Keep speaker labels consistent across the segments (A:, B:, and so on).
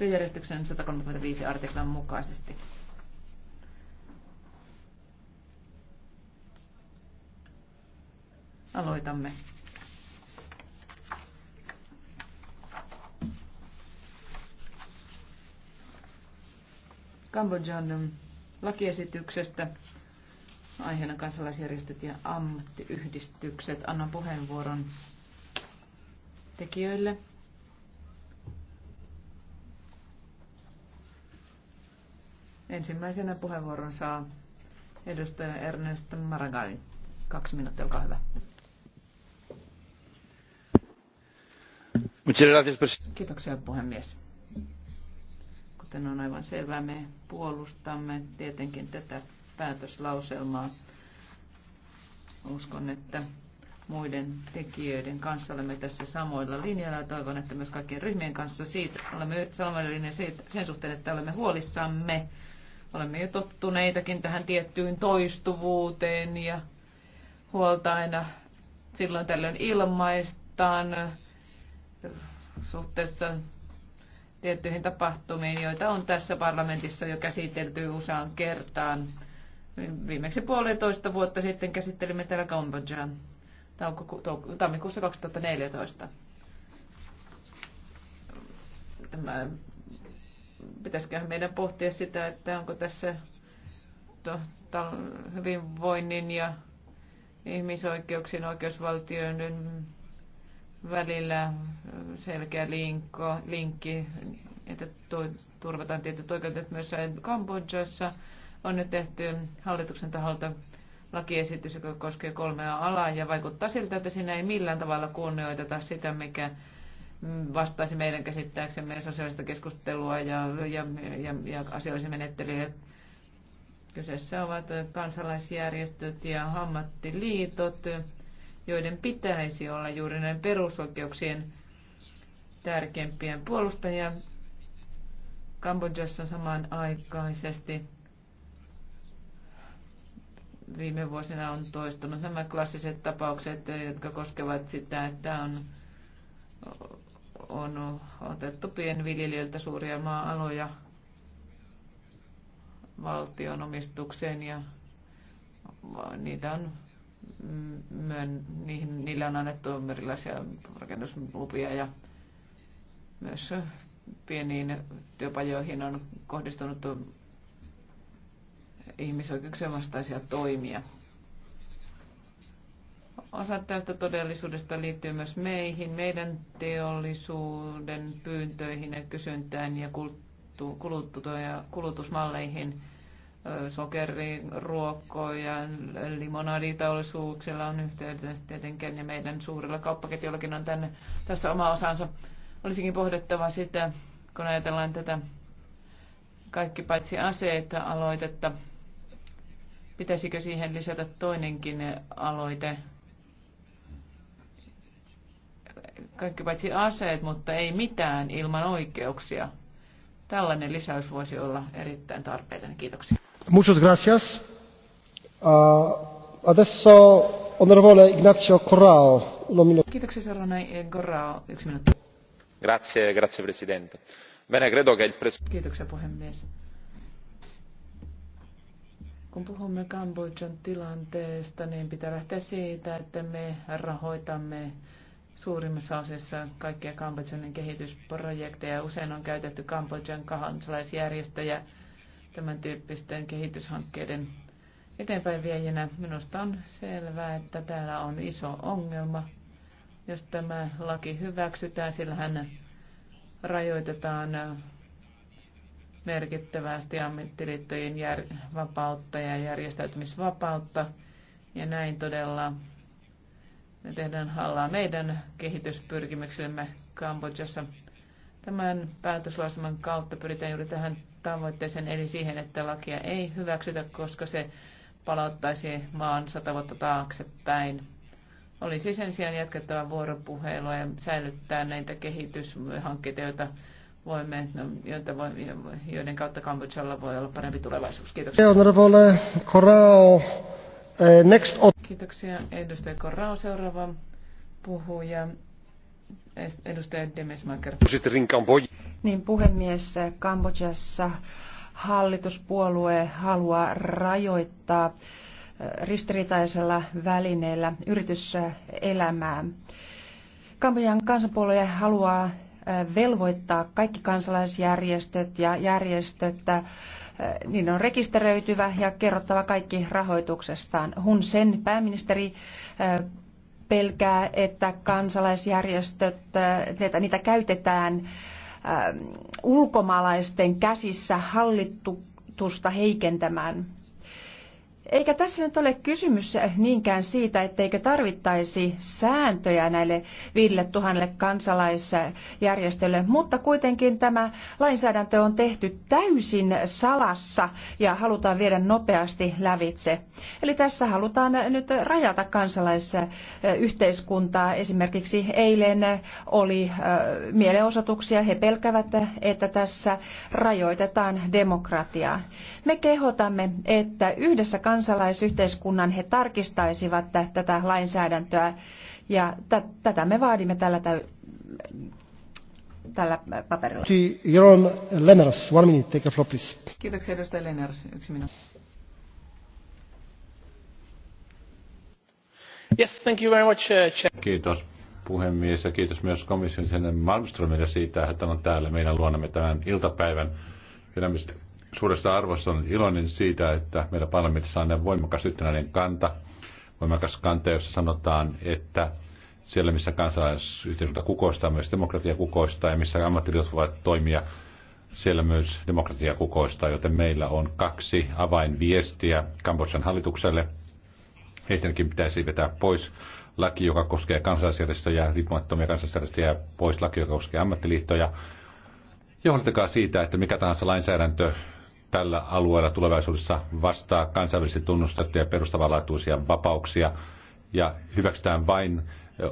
A: työjärjestyksen 135 artiklan mukaisesti. Aloitamme. Kambodjan lakiesityksestä aiheena kansalaisjärjestöt ja ammattiyhdistykset. Annan puheenvuoron tekijöille. Ensimmäisenä puheenvuoron saa edustaja Ernest Maragall. Kaksi minuuttia, olkaa hyvä. Kiitoksia puhemies. Kuten on aivan selvää, me puolustamme tietenkin tätä päätöslauselmaa. Uskon, että muiden tekijöiden kanssa olemme tässä samoilla linjalla ja toivon, että myös kaikkien ryhmien kanssa siitä olemme samoilla linjalla siitä, sen suhteen, että olemme huolissamme Olemme jo tottuneitakin tähän tiettyyn toistuvuuteen ja huolta aina silloin tällöin ilmaistaan suhteessa tiettyihin tapahtumiin, joita on tässä parlamentissa jo käsitelty useaan kertaan. Viimeksi puolitoista vuotta sitten käsittelimme täällä Kambodžan tammikuussa 2014. Tämä pitäisiköhän meidän pohtia sitä, että onko tässä to, tal, hyvinvoinnin ja ihmisoikeuksien oikeusvaltioiden välillä selkeä linkko, linkki, että toi, turvataan tietyt oikeudet myös Kambodžassa. On nyt tehty hallituksen taholta lakiesitys, joka koskee kolmea alaa ja vaikuttaa siltä, että siinä ei millään tavalla kunnioiteta sitä, mikä vastaisi meidän käsittääksemme sosiaalista keskustelua ja, ja, ja, ja asioisia menettelyjä. Kyseessä ovat kansalaisjärjestöt ja ammattiliitot, joiden pitäisi olla juuri näiden perusoikeuksien tärkeimpien puolustajia. Kambodžassa samanaikaisesti viime vuosina on toistunut nämä klassiset tapaukset, jotka koskevat sitä, että on on otettu pienviljelijöiltä suuria maa-aloja valtion omistukseen ja niitä on myön, niihin, niille on annettu erilaisia rakennuslupia ja myös pieniin työpajoihin on kohdistunut ihmisoikeuksien vastaisia toimia. Osa tästä todellisuudesta liittyy myös meihin, meidän teollisuuden pyyntöihin ja kysyntään ja kulutusmalleihin. Sokeri, ruokko limonaditeollisuuksilla on yhteyttä tietenkin ja meidän suurilla kauppaketjuillakin on tänne, tässä oma osansa. Olisikin pohdittava sitä, kun ajatellaan tätä kaikki paitsi aseita aloitetta, pitäisikö siihen lisätä toinenkin aloite, kaikki paitsi aseet, mutta ei mitään ilman oikeuksia. Tällainen lisäys voisi olla erittäin tarpeellinen. Kiitoksia.
B: Muchas gracias. Uh, adesso onorevole Ignacio Corrao. Kiitoksia
A: seuraavana eh, Corrao. Yksi minuutti.
C: Grazie, grazie presidente. Bene, credo che il pres- Kiitoksia puhemies.
A: Kun puhumme Kambodjan tilanteesta, niin pitää lähteä siitä, että me rahoitamme suurimmassa osassa kaikkia Kambodjan kehitysprojekteja. Usein on käytetty Kambodjan kansalaisjärjestöjä tämän tyyppisten kehityshankkeiden eteenpäinviejinä. Minusta on selvää, että täällä on iso ongelma. Jos tämä laki hyväksytään, sillähän rajoitetaan merkittävästi ammattiliittojen jär- vapautta ja järjestäytymisvapautta. Ja näin todella ne tehdään hallaa meidän kehityspyrkimyksillemme Kambodžassa. Tämän päätöslauselman kautta pyritään juuri tähän tavoitteeseen, eli siihen, että lakia ei hyväksytä, koska se palauttaisi maan sata vuotta taaksepäin. Olisi sen sijaan jatkettava vuoropuhelua ja säilyttää näitä kehityshankkeita, joita voimme, no, joita voimme, joiden kautta Kambodžalla voi olla parempi tulevaisuus. Kiitoksia. Eh, next Kiitoksia edustaja Korrao. Seuraava puhuja. Edustaja Demesmaker.
D: Niin puhemies, Kambodžassa hallituspuolue haluaa rajoittaa eh, ristiriitaisella välineellä yrityselämää. Kambodjan kansanpuolue haluaa velvoittaa kaikki kansalaisjärjestöt ja järjestöt, niin on rekisteröityvä ja kerrottava kaikki rahoituksestaan. Hun sen pääministeri pelkää, että kansalaisjärjestöt, että niitä käytetään ulkomaalaisten käsissä hallittu heikentämään. Eikä tässä nyt ole kysymys niinkään siitä, etteikö tarvittaisi sääntöjä näille tuhannelle kansalaisjärjestölle, mutta kuitenkin tämä lainsäädäntö on tehty täysin salassa ja halutaan viedä nopeasti lävitse. Eli tässä halutaan nyt rajata kansalaisyhteiskuntaa. Esimerkiksi eilen oli mielenosoituksia. He pelkävät, että tässä rajoitetaan demokratiaa. Me kehotamme, että yhdessä kansalaisyhteiskunnassa kansalaisyhteiskunnan he tarkistaisivat tätä lainsäädäntöä ja tätä me vaadimme tällä, täy- tällä paperilla.
B: Jeroen Lenners, one minute, take a floor, please.
A: Kiitoksia edustaja Lenners, yksi minuutti.
C: Yes,
B: thank you very much,
C: uh, Kiitos puhemies ja kiitos myös komission sen Malmströmille siitä, että hän on täällä meidän luonamme tämän iltapäivän. Kyllä suuressa arvossa on iloinen siitä, että meillä parlamentissa on näin voimakas yhtenäinen kanta, voimakas kanta, jossa sanotaan, että siellä, missä kansalaisyhteiskunta kukoistaa, myös demokratia kukoistaa ja missä ammattiliitot voivat toimia, siellä myös demokratia kukoistaa, joten meillä on kaksi avainviestiä Kambodjan hallitukselle. Ensinnäkin pitäisi vetää pois laki, joka koskee kansalaisjärjestöjä, riippumattomia kansalaisjärjestöjä, pois laki, joka koskee ammattiliittoja. Johdattakaa siitä, että mikä tahansa lainsäädäntö tällä alueella tulevaisuudessa vastaa kansainvälisesti tunnustettuja perustavanlaatuisia vapauksia ja hyväksytään vain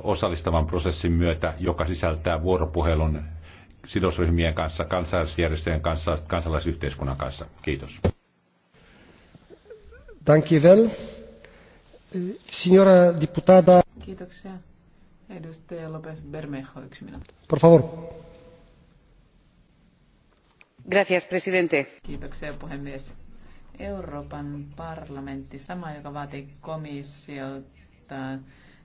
C: osallistavan prosessin myötä, joka sisältää vuoropuhelun sidosryhmien kanssa, kansalaisjärjestöjen kanssa, kansalaisyhteiskunnan kanssa. Kiitos.
B: Dankjewel. Signora diputada. Kiitoksia.
A: Edustaja Lopez Bermejo, yksi minuutti. Por favor arvoisa Kiitoksia puhemies. Euroopan parlamentti, sama joka vaatii komissiolta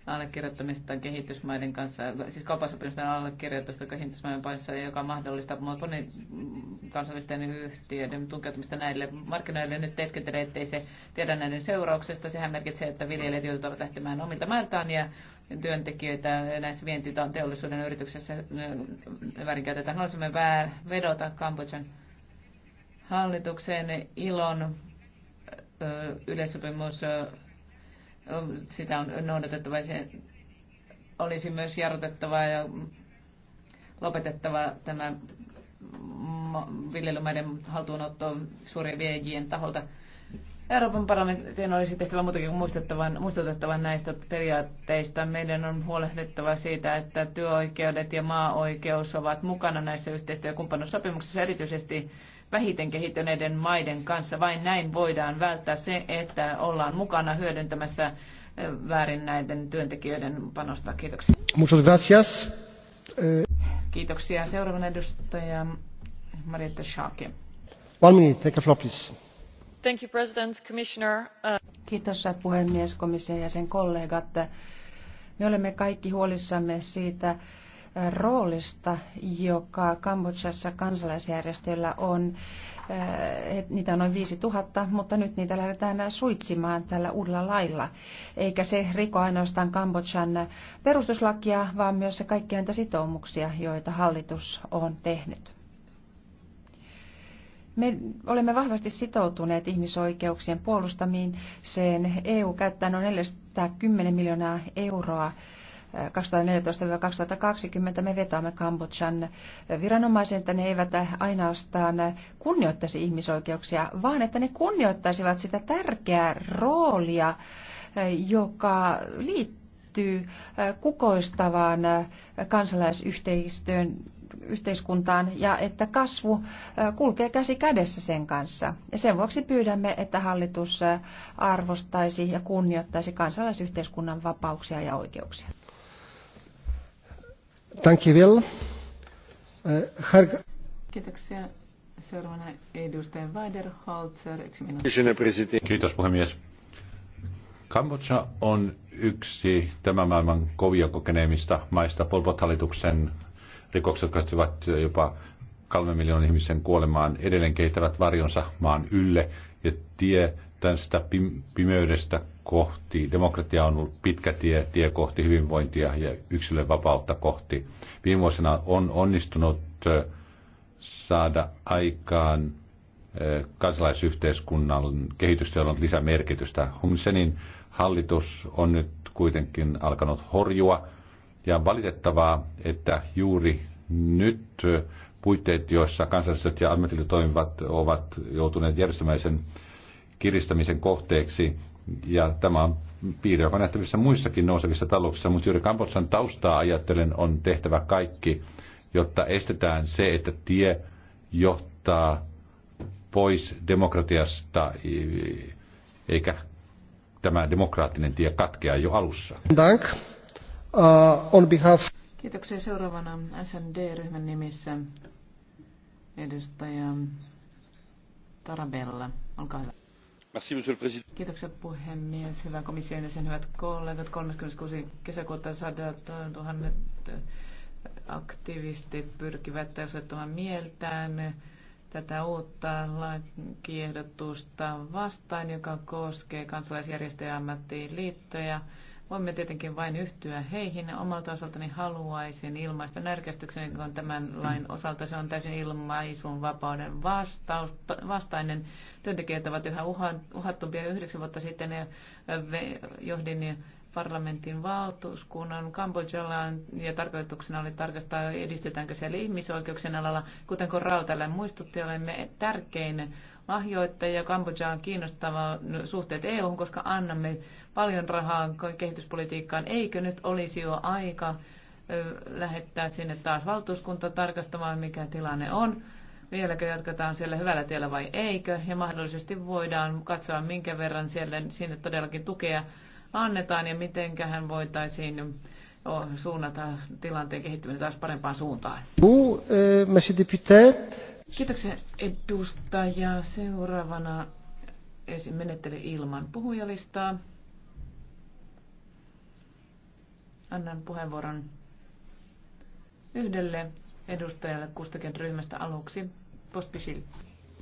A: allekirjoittamista kehitysmaiden kanssa, siis kaupasopimusten allekirjoitusta kehitysmaiden kanssa, joka mahdollistaa kansallisten yhtiöiden tunkeutumista näille markkinoille. Nyt teeskentelee, ettei se tiedä näiden seurauksesta. Sehän merkitsee, että viljelijät joutuvat lähtemään omilta mailtaan ja työntekijöitä näissä vientiteollisuuden yrityksissä äh, väärinkäytetään. Haluaisimme väär, vedota Kambodjan hallitukseen ilon äh, yleissopimus äh, sitä on noudatettava ja olisi myös jarrutettava ja lopetettava tämä viljelymaiden haltuunotto suurien viejien taholta. Euroopan parlamentin olisi tehtävä muutakin kuin muistutettavan, muistutettavan näistä periaatteista. Meidän on huolehdittava siitä, että työoikeudet ja maaoikeus ovat mukana näissä yhteistyö- ja kumppanuussopimuksissa erityisesti vähiten kehittyneiden maiden kanssa. Vain näin voidaan välttää se, että ollaan mukana hyödyntämässä väärin näiden työntekijöiden panosta. Kiitoksia. Muchas
B: gracias.
A: Kiitoksia. Seuraavana edustaja Marietta Schaake.
B: One minute, take a floor, please.
A: Uh,
D: Kiitos puhemies, komission jäsen kollegat. Me olemme kaikki huolissamme siitä roolista, joka Kambodžassa kansalaisjärjestöillä on. Niitä on noin 000, mutta nyt niitä lähdetään suitsimaan tällä uudella lailla. Eikä se riko ainoastaan Kambodžan perustuslakia, vaan myös kaikkia niitä sitoumuksia, joita hallitus on tehnyt. Me olemme vahvasti sitoutuneet ihmisoikeuksien Sen EU käyttää noin 410 miljoonaa euroa 2014-2020 eh, me vetoamme Kambodjan viranomaisen, että ne eivät ainoastaan kunnioittaisi ihmisoikeuksia, vaan että ne kunnioittaisivat sitä tärkeää roolia, eh, joka liittyy eh, kukoistavaan kansalaisyhteistyön yhteiskuntaan ja että kasvu kulkee käsi kädessä sen kanssa. Ja sen vuoksi pyydämme, että hallitus arvostaisi ja kunnioittaisi kansalaisyhteiskunnan vapauksia ja oikeuksia.
B: Thank you, Will.
A: Kiitoksia. Seuraavana edustaja Weiderholzer, yksi minuutti.
C: Kiitos puhemies. Kambodža on yksi tämän maailman kovia kokeneemmista maista Polpot-hallituksen rikokset katsoivat jopa kolme miljoonan ihmisen kuolemaan, edelleen keittävät varjonsa maan ylle ja tie tästä pimeydestä kohti. Demokratia on ollut pitkä tie, tie kohti hyvinvointia ja yksilön vapautta kohti. Viime vuosina on onnistunut saada aikaan kansalaisyhteiskunnan kehitystä, jolla on lisämerkitystä. Hunsenin hallitus on nyt kuitenkin alkanut horjua ja on valitettavaa, että juuri nyt puitteet, joissa kansalliset ja ammatilliset toimivat ovat joutuneet järjestämäisen kiristämisen kohteeksi. Ja tämä on piirre, joka on nähtävissä muissakin nousevissa talouksissa, mutta juuri Kambodsan taustaa ajattelen on tehtävä kaikki, jotta estetään se, että tie johtaa pois demokratiasta, eikä tämä demokraattinen tie katkea jo alussa.
B: Dank. Uh, on behalf...
A: Kiitoksia. Seuraavana SND-ryhmän nimissä edustaja Tarabella. Olkaa hyvä. Merci, monsieur le président. Kiitoksia puhemies. Hyvä komission sen hyvät kollegat. 36. kesäkuuta sadat tuhannet aktivistit pyrkivät osoittamaan mieltään tätä uutta lakiehdotusta vastaan, joka koskee kansalaisjärjestöjä ja ammattiliittoja. liittoja Voimme tietenkin vain yhtyä heihin. Omalta osaltani haluaisin ilmaista närkästyksen, kun tämän lain osalta se on täysin ilmaisun vapauden vastaus, vastainen. Työntekijät ovat yhä uhattumpia. Yhdeksän vuotta sitten johdin parlamentin valtuuskunnan Kambodžaan ja tarkoituksena oli tarkastaa, edistetäänkö siellä ihmisoikeuksien alalla. Kuten kun Rautalle muistutti, olemme tärkein lahjoittaja. Kambodža on kiinnostava suhteet EU, koska annamme paljon rahaa kehityspolitiikkaan. Eikö nyt olisi jo aika lähettää sinne taas valtuuskunta tarkastamaan, mikä tilanne on? vieläkö jatketaan siellä hyvällä tiellä vai eikö, ja mahdollisesti voidaan katsoa, minkä verran siellä, sinne todellakin tukea annetaan ja mitenköhän voitaisiin suunnata tilanteen kehittyminen taas parempaan suuntaan.
B: Euh,
A: Kiitoksia edustaja. Seuraavana esim. menettely ilman puhujalistaa. Annan puheenvuoron yhdelle edustajalle kustakin ryhmästä aluksi.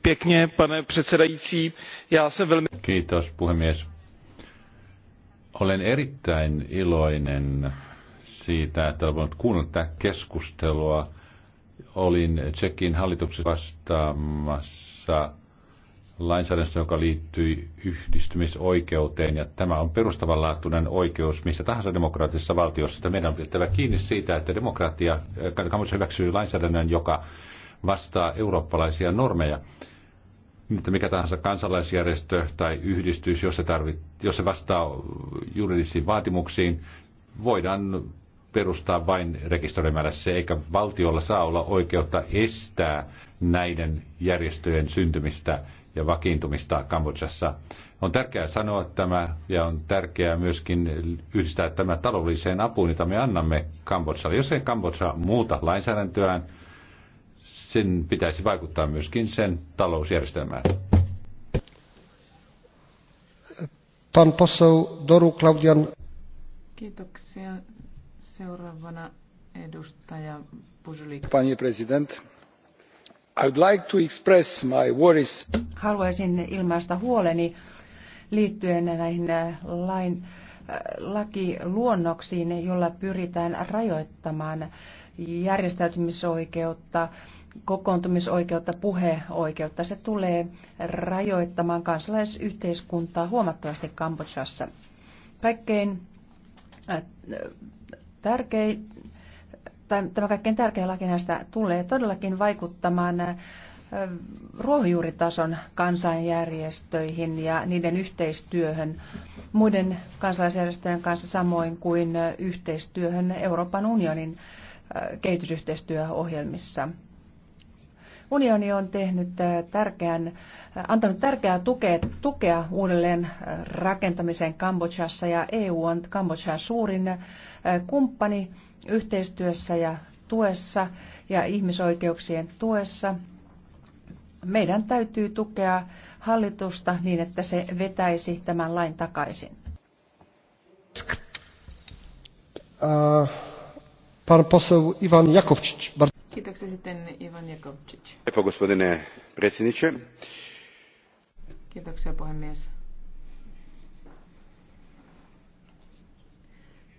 C: Pekne, pane předsedající. Já jsem velmi... Kiitos, puhemies olen erittäin iloinen siitä, että olen voinut kuunnella tätä keskustelua. Olin Tsekin hallituksessa vastaamassa lainsäädännöstä, joka liittyy yhdistymisoikeuteen, ja tämä on perustavanlaatuinen oikeus missä tahansa demokraattisessa valtiossa, että meidän on pidettävä kiinni siitä, että demokratia, äh, Kambodža hyväksyy lainsäädännön, joka vastaa eurooppalaisia normeja mikä tahansa kansalaisjärjestö tai yhdistys, jos se, tarvit, jos se vastaa juridisiin vaatimuksiin, voidaan perustaa vain rekisteröimällä se, eikä valtiolla saa olla oikeutta estää näiden järjestöjen syntymistä ja vakiintumista Kambodžassa. On tärkeää sanoa tämä ja on tärkeää myöskin yhdistää tämä taloudelliseen apuun, jota me annamme Kambodžalle. Jos ei Kambodža muuta lainsäädäntöään, sen pitäisi vaikuttaa myöskin sen talousjärjestelmään.
B: Pan poseł Doru Klaudian.
A: Kiitoksia. Seuraavana edustaja
B: Pusulik. Panie president, I would like to express my worries.
D: Haluaisin ilmaista huoleni liittyen näihin äh, lain, äh, lakiluonnoksiin, jolla pyritään rajoittamaan järjestäytymisoikeutta kokoontumisoikeutta, puheoikeutta. Se tulee rajoittamaan kansalaisyhteiskuntaa huomattavasti Kambodžassa. Kaikkein äh, tärkein, tai tämä kaikkein tärkein laki näistä tulee todellakin vaikuttamaan äh, ruohonjuuritason kansanjärjestöihin ja niiden yhteistyöhön muiden kansalaisjärjestöjen kanssa samoin kuin yhteistyöhön Euroopan unionin äh, kehitysyhteistyöohjelmissa. Unioni on tehnyt äh, tärkeän, äh, antanut tärkeää tukea, tukea uudelleen äh, rakentamiseen Kambodžassa ja EU on Kambodžan suurin kumppani yhteistyössä ja tuessa ja ihmisoikeuksien tuessa. Meidän täytyy tukea hallitusta niin, että se vetäisi tämän lain takaisin.
B: Uh, pan poseł Iwan Jakowczyk.
A: Kiitoksia sitten
C: gospodine predsjedniče.
A: Kiitoksia puhemies.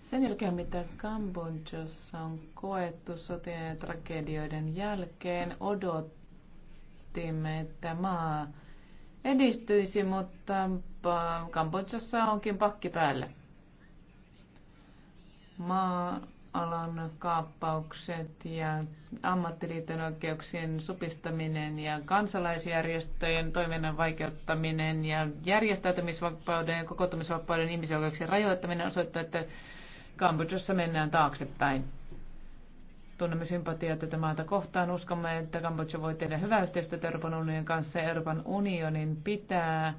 A: Sen jälkeen, mitä Kambodžassa on koettu sotien ja tragedioiden jälkeen, odottimme, että maa edistyisi, mutta Kambodžassa onkin pakki päällä. Maa alan kaappaukset ja ammattiliiton oikeuksien supistaminen ja kansalaisjärjestöjen toiminnan vaikeuttaminen ja järjestäytymisvapauden ja kokoontumisvapauden ihmisoikeuksien rajoittaminen osoittaa, että Kambodžassa mennään taaksepäin. Tunnemme sympatiaa tätä maata kohtaan. Uskomme, että Kambodža voi tehdä hyvää yhteistyötä Euroopan unionin kanssa ja Euroopan unionin pitää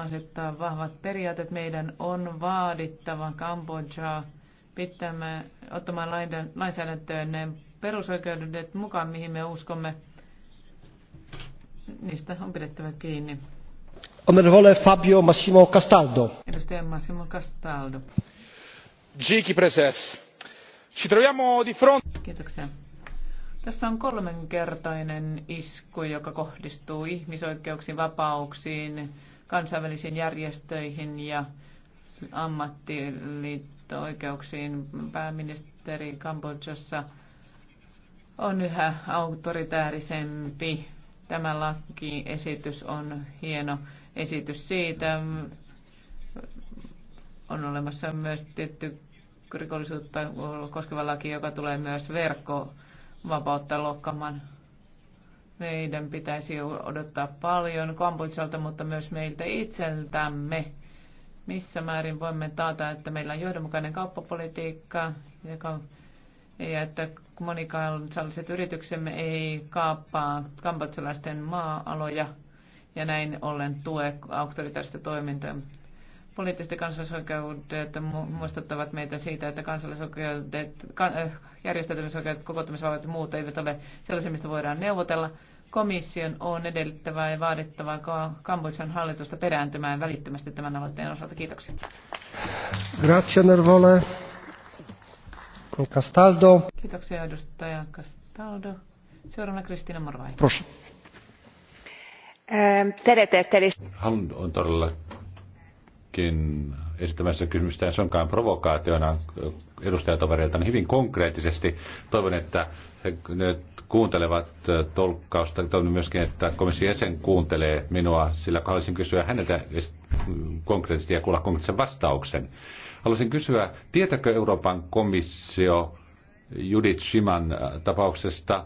A: asettaa vahvat periaatteet. Meidän on vaadittava Kambodžaa pitämään, ottamaan lainsäädäntöön ne perusoikeudet mukaan, mihin me uskomme. Niistä on pidettävä kiinni.
B: Onorevole Fabio Massimo Castaldo.
A: Edustaja Massimo Castaldo.
C: Giki preses. Ci troviamo di fronte.
A: Kiitoksia. Tässä on kolmenkertainen isku, joka kohdistuu ihmisoikeuksiin, vapauksiin, kansainvälisiin järjestöihin ja ammattiliitto-oikeuksiin. Pääministeri Kambodžassa on yhä autoritäärisempi. Tämä lakiesitys on hieno esitys siitä. On olemassa myös tietty rikollisuutta koskeva laki, joka tulee myös verkkovapautta loukkaamaan meidän pitäisi odottaa paljon Kambodsalta, mutta myös meiltä itseltämme. Missä määrin voimme taata, että meillä on johdonmukainen kauppapolitiikka joka, ja että monikansalliset yrityksemme ei kaappaa kambodsalaisten maa-aloja ja näin ollen tue auktoritaarista toimintaa. Poliittiset kansallisoikeudet muistuttavat meitä siitä, että kansallisoikeudet, äh, järjestäytymisoikeudet, kokoontumisvapaudet ja muut eivät ole sellaisia, mistä voidaan neuvotella. Komission on edellyttävää ja vaadittavaa Kambodjan hallitusta perääntymään välittömästi tämän aloitteen osalta. Kiitoksia.
B: Grazie, Nervole. Castaldo.
A: Kiitoksia, edustaja Castaldo. Seuraavana Kristina Morvai. Proszę. Ehm,
D: Teretettelis.
C: Hän on todella myöskin esittämässä kysymystä, se onkaan provokaationa edustajatovereilta, niin hyvin konkreettisesti toivon, että he nyt kuuntelevat tolkkausta. Toivon myöskin, että komission jäsen kuuntelee minua, sillä haluaisin kysyä häneltä konkreettisesti ja kuulla konkreettisen vastauksen. Haluaisin kysyä, tietääkö Euroopan komissio Judith Schiman tapauksesta?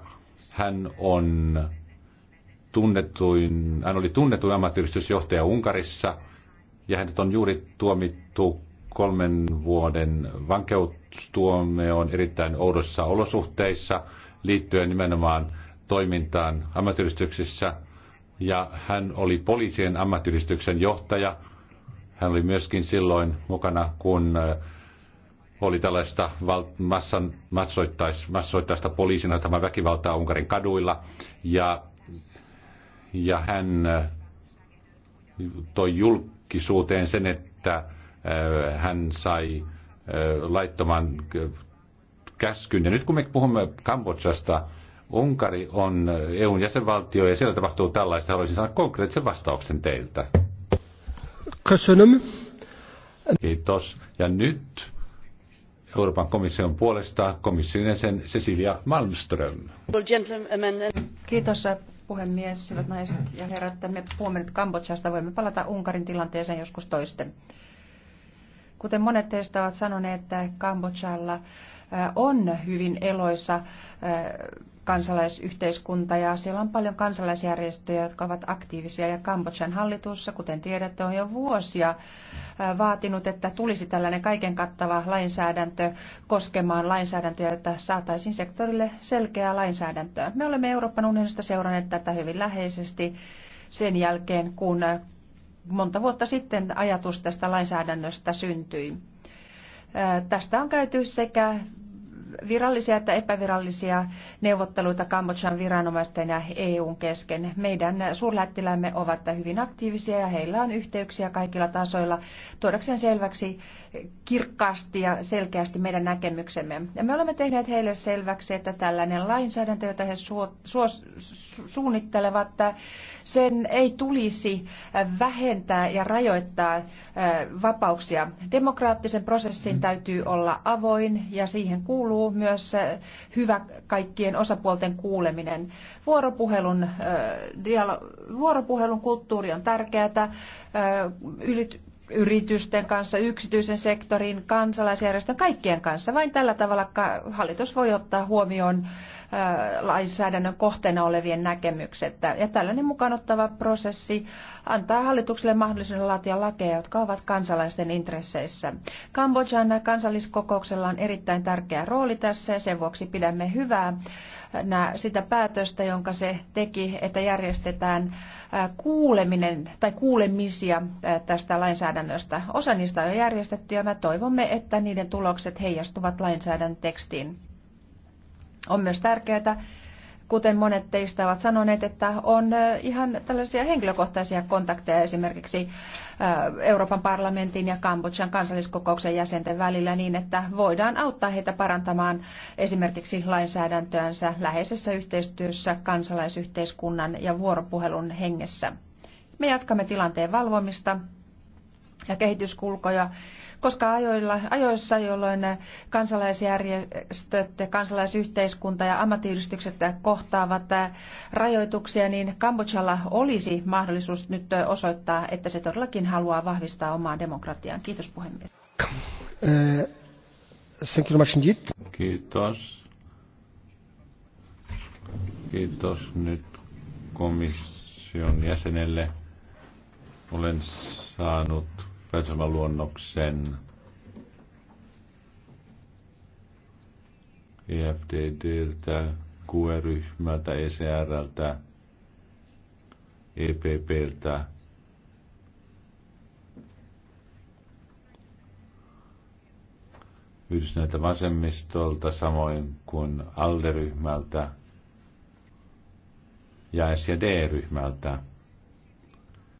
C: Hän on tunnetuin, hän oli tunnetuin ammattiyhdistysjohtaja Unkarissa – ja hänet on juuri tuomittu kolmen vuoden vankeustuomioon erittäin oudossa olosuhteissa liittyen nimenomaan toimintaan ammattiyhdistyksissä. Ja hän oli poliisien ammattiyhdistyksen johtaja. Hän oli myöskin silloin mukana, kun äh, oli tällaista val- massan, massoittais, massoittaista poliisina tämä väkivaltaa Unkarin kaduilla. Ja, ja hän äh, toi julk- julkisuuteen sen, että äh, hän sai äh, laittoman äh, käskyn. Ja nyt kun me puhumme Kambodsasta, Unkari on EUn jäsenvaltio ja siellä tapahtuu tällaista. Haluaisin saada konkreettisen vastauksen teiltä. Kiitos. Ja nyt Euroopan komission puolesta komission jäsen Cecilia Malmström.
D: Kiitos puhemies, hyvät naiset ja herrat, me puhumme nyt Kambodžasta, voimme palata Unkarin tilanteeseen joskus toisten. Kuten monet teistä ovat sanoneet, että Kambodžalla on hyvin eloisa kansalaisyhteiskunta ja siellä on paljon kansalaisjärjestöjä, jotka ovat aktiivisia ja Kambodjan hallitussa, kuten tiedätte, on jo vuosia äh, vaatinut, että tulisi tällainen kaiken kattava lainsäädäntö koskemaan lainsäädäntöä, jotta saataisiin sektorille selkeää lainsäädäntöä. Me olemme Euroopan unionista seuranneet tätä hyvin läheisesti sen jälkeen, kun monta vuotta sitten ajatus tästä lainsäädännöstä syntyi. Äh, tästä on käyty sekä virallisia että epävirallisia neuvotteluita Kambodžan viranomaisten ja EUn kesken. Meidän suurlähettilämme ovat hyvin aktiivisia ja heillä on yhteyksiä kaikilla tasoilla tuodakseen selväksi kirkkaasti ja selkeästi meidän näkemyksemme. Ja me olemme tehneet heille selväksi, että tällainen lainsäädäntö, jota he suo, suo, suunnittelevat, sen ei tulisi vähentää ja rajoittaa vapauksia. Demokraattisen prosessin mm. täytyy olla avoin ja siihen kuuluu kuuluu myös eh, hyvä kaikkien osapuolten kuuleminen. Vuoropuhelun, eh, vuoropuhelun kulttuuri on tärkeää. Eh, yritysten kanssa, yksityisen sektorin, kansalaisjärjestön, kaikkien kanssa. Vain tällä tavalla hallitus voi ottaa huomioon lainsäädännön kohteena olevien näkemykset. Ja tällainen mukanottava prosessi antaa hallitukselle mahdollisuuden laatia lakeja, jotka ovat kansalaisten intresseissä. Kambodjan kansalliskokouksella on erittäin tärkeä rooli tässä ja sen vuoksi pidämme hyvää sitä päätöstä, jonka se teki, että järjestetään kuuleminen tai kuulemisia tästä lainsäädännöstä. Osa niistä on jo järjestetty ja me toivomme, että niiden tulokset heijastuvat lainsäädännön tekstiin. On myös tärkeää, kuten monet teistä ovat sanoneet, että on ihan tällaisia henkilökohtaisia kontakteja esimerkiksi Euroopan parlamentin ja Kambodjan kansalliskokouksen jäsenten välillä niin, että voidaan auttaa heitä parantamaan esimerkiksi lainsäädäntöänsä läheisessä yhteistyössä kansalaisyhteiskunnan ja vuoropuhelun hengessä. Me jatkamme tilanteen valvomista ja kehityskulkoja koska ajoilla, ajoissa, jolloin kansalaisjärjestöt, kansalaisyhteiskunta ja ammattiyhdistykset kohtaavat rajoituksia, niin Kambodžalla olisi mahdollisuus nyt osoittaa, että se todellakin haluaa vahvistaa omaa demokratiaan. Kiitos puhemies.
B: Eh,
C: Kiitos. Kiitos nyt komission jäsenelle. Olen saanut päätösvallan luonnoksen EFDDltä, QE-ryhmältä, ECRltä, EPPltä, yhdistyneeltä vasemmistolta, samoin kuin ALDE-ryhmältä ja S- ja D-ryhmältä.